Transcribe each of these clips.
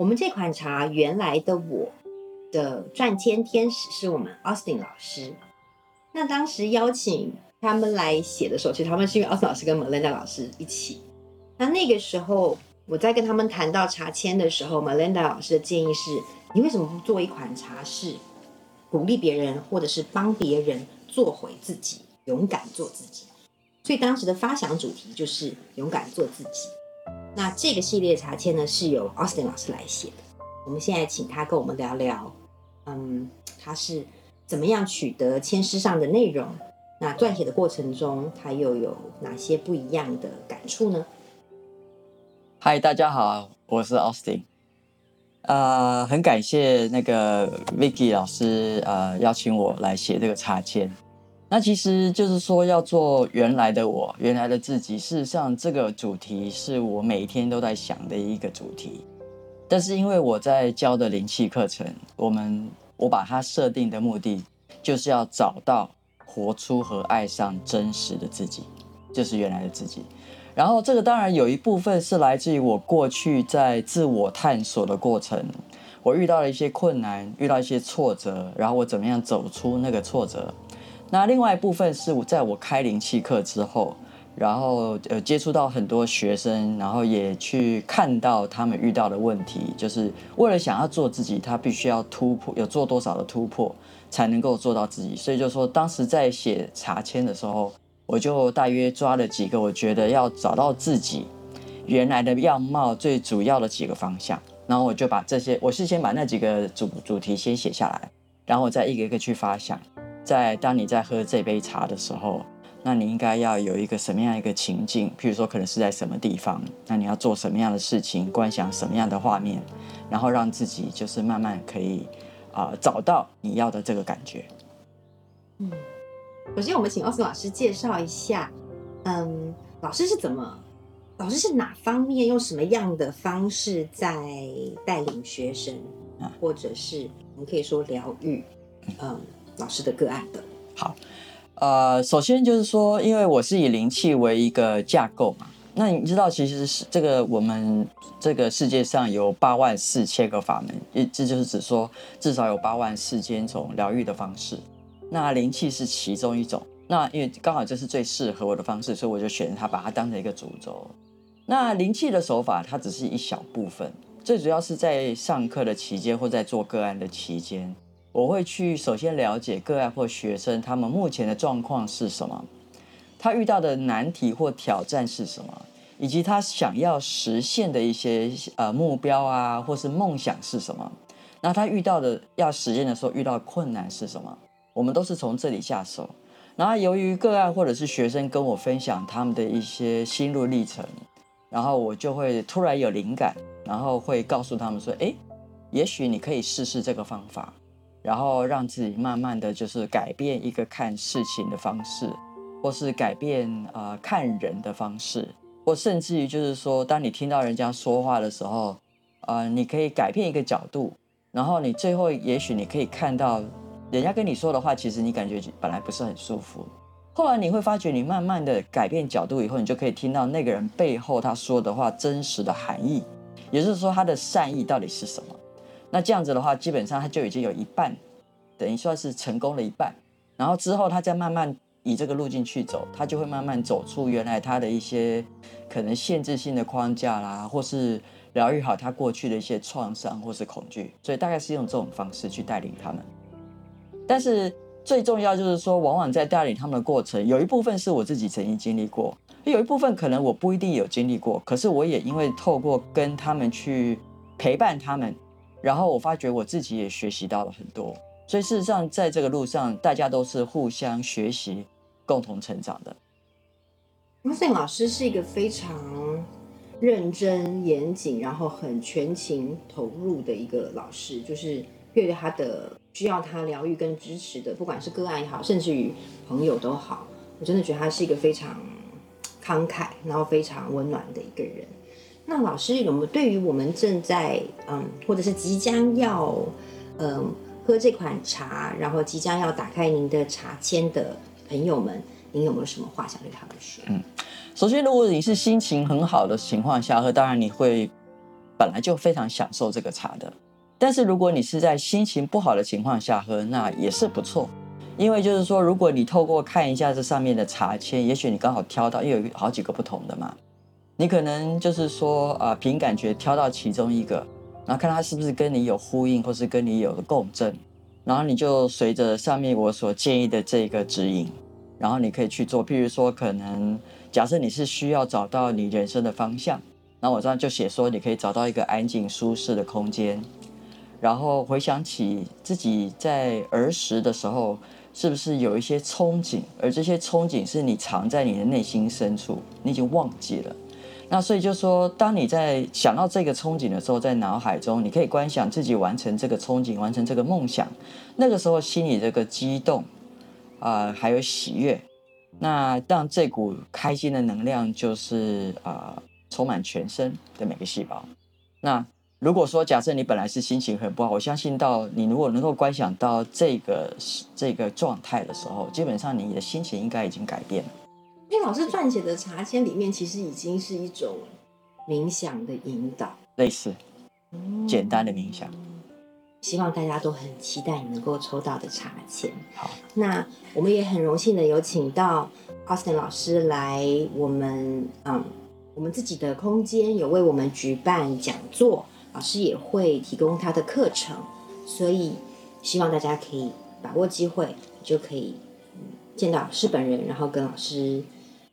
我們這款茶原來的我的撰簽天，天使是我們 Austin 老師，那當時邀請他們來寫的時候，其實他們是因為 Austin 老師跟 Melinda 老師一起。那那個時候我在跟他們談到茶簽的時候，Melinda 老師的建議是：你為什麼不做一款茶是鼓勵別人，或者是幫別人做回自己，勇敢做自己？所以當時的發想主題就是勇敢做自己。那這個系列茶籤呢，是由 Austin 老師來寫的。我們現在請他跟我們聊聊，嗯，他是怎麼樣取得籤詩上的內容？那撰寫的過程中，他又有哪些不一樣的感觸呢？嗨，大家好，我是 Austin。啊、呃，很感謝那個 Vicky 老師啊、呃、邀請我來寫這個茶籤。那其實就是說，要做原來的我，原來的自己。事實上，這個主題是我每天都在想的一個主題。但是，因為我在教的靈氣課程，我們我把它設定的目的就是要找到活出和愛上真實的自己，就是原來的自己。然後，這個當然有一部分是來自於我過去在自我探索的過程，我遇到了一些困難，遇到一些挫折，然後我怎麼樣走出那個挫折。那另外一部分是我在我開靈氣課之後，然後呃接觸到很多學生，然後也去看到他們遇到的問題，就是為了想要做自己，他必須要突破，有做多少的突破才能夠做到自己。所以就是說，當時在寫茶簽的時候，我就大約抓了幾個我覺得要找到自己原來的樣貌最主要的幾個方向，然後我就把這些，我是先把那幾個主主題先寫下來，然後我再一個一個去發想。在當你在喝這杯茶的時候，那你應該要有一個什麼樣一個情境？譬如說，可能是在什麼地方？那你要做什麼樣的事情？觀想什麼樣的畫面？然後讓自己就是慢慢可以啊、呃、找到你要的這個感覺。嗯，首先我們請 Austin 老師介紹一下，嗯，老師是怎麼？老師是哪方面？用什麼樣的方式在帶領學生，或者是我們可以說療癒？嗯。老師的個案的，好，呃，首先就是說，因為我是以靈氣為一個架構嘛，那你知道其實是這個我們這個世界上有八萬四千個法門，也這就是指說至少有八萬四千種療癒的方式，那靈氣是其中一種，那因為剛好這是最適合我的方式，所以我就選擇它，把它當成一個主軸。那靈氣的手法它只是一小部分，最主要是在上課的期間或在做個案的期間，我會去首先了解個案或學生他們目前的狀況是什麼，他遇到的難題或挑戰是什麼，以及他想要實現的一些呃目標啊，或是夢想是什麼。那他遇到的要實現的時候遇到困難是什麼？我們都是從這裡下手。然後由於個案或者是學生跟我分享他們的一些心路歷程，然後我就會突然有靈感，然後會告訴他們說：誒，也許你可以試試這個方法。然後讓自己慢慢的就是改變一個看事情的方式，或是改變啊、呃、看人的方式，或甚至於就是說，當你聽到人家說話的時候，呃，你可以改變一個角度，然後你最後也許你可以看到，人家跟你說的話，其實你感覺本來不是很舒服，後來你會發覺你慢慢的改變角度以後，你就可以聽到那個人背後他說的話真實的含義，也就是說他的善意到底是什麼。那這樣子的話，基本上他就已經有一半，等於算是成功了一半。然後之後，他再慢慢以這個路徑去走，他就會慢慢走出原來他的一些可能限制性的框架啦，或是療癒好他過去的一些創傷或是恐懼。所以大概是用這種方式去帶領他們。但是最重要就是說，往往在帶領他們的過程，有一部分是我自己曾經經歷過，有一部分可能我不一定有經歷過，可是我也因為透過跟他們去陪伴他們。然後我發覺我自己也學習到了很多，所以事實上在這個路上，大家都是互相學習、共同成長的。Austin 老師是一個非常認真嚴謹，然後很全情投入的一個老師，就是面對他的需要他療癒跟支持的，不管是個案也好，甚至於朋友都好，我真的覺得他是一個非常慷慨，然後非常溫暖的一個人。那老師，有沒有對於我們正在嗯，或者是即將要嗯喝這款茶，然後即將要打開您的茶籤的朋友們，您有沒有什麼話想對他們說？嗯，首先，如果你是心情很好的情況下喝，當然你會本來就非常享受這個茶的。但是如果你是在心情不好的情況下喝，那也是不錯，因為就是說，如果你透過看一下這上面的茶籤，也許你剛好挑到，因為有好幾個不同的嘛。你可能就是說啊，呃、憑感覺挑到其中一個，然後看它是不是跟你有呼應，或是跟你有個共振，然後你就隨着上面我所建議的這個指引，然後你可以去做。譬如說，可能假設你是需要找到你人生的方向，那我這樣就寫說，你可以找到一個安靜舒適的空間，然後回想起自己在兒時的時候，是不是有一些憧憬，而這些憧憬是你藏在你的內心深處，你已經忘記了。那所以就說，當你在想到這個憧憬的時候，在腦海中你可以觀想自己完成這個憧憬，完成這個夢想。那個時候心裡這個激動啊、呃，還有喜悅，那讓這股開心的能量就是啊、呃，充滿全身的每個細胞。那如果說假設你本來是心情很不好，我相信到你如果能夠觀想到這個這個狀態的時候，基本上你的心情應該已經改變了。因為老師撰寫的茶籤裡面，其實已經是一種冥想的引導，類似簡單的冥想、嗯。希望大家都很期待你能夠抽到的茶籤。好，那我們也很榮幸的有請到 Austin 老師來我們嗯，我們自己的空間，有為我們舉辦講座，老師也會提供他的課程，所以希望大家可以把握機會，就可以見到老師本人，然後跟老師。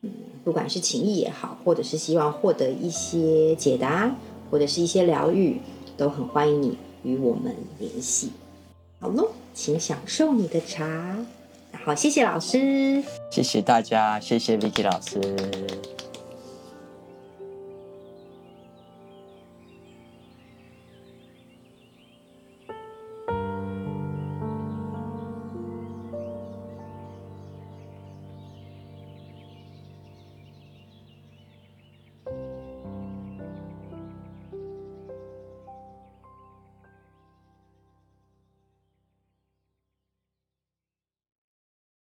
嗯，不管是情意也好，或者是希望獲得一些解答，或者是一些療癒，都很歡迎你與我們聯繫。好咯，請享受你的茶。好，謝謝老師，謝謝大家，謝謝 Vicky 老師。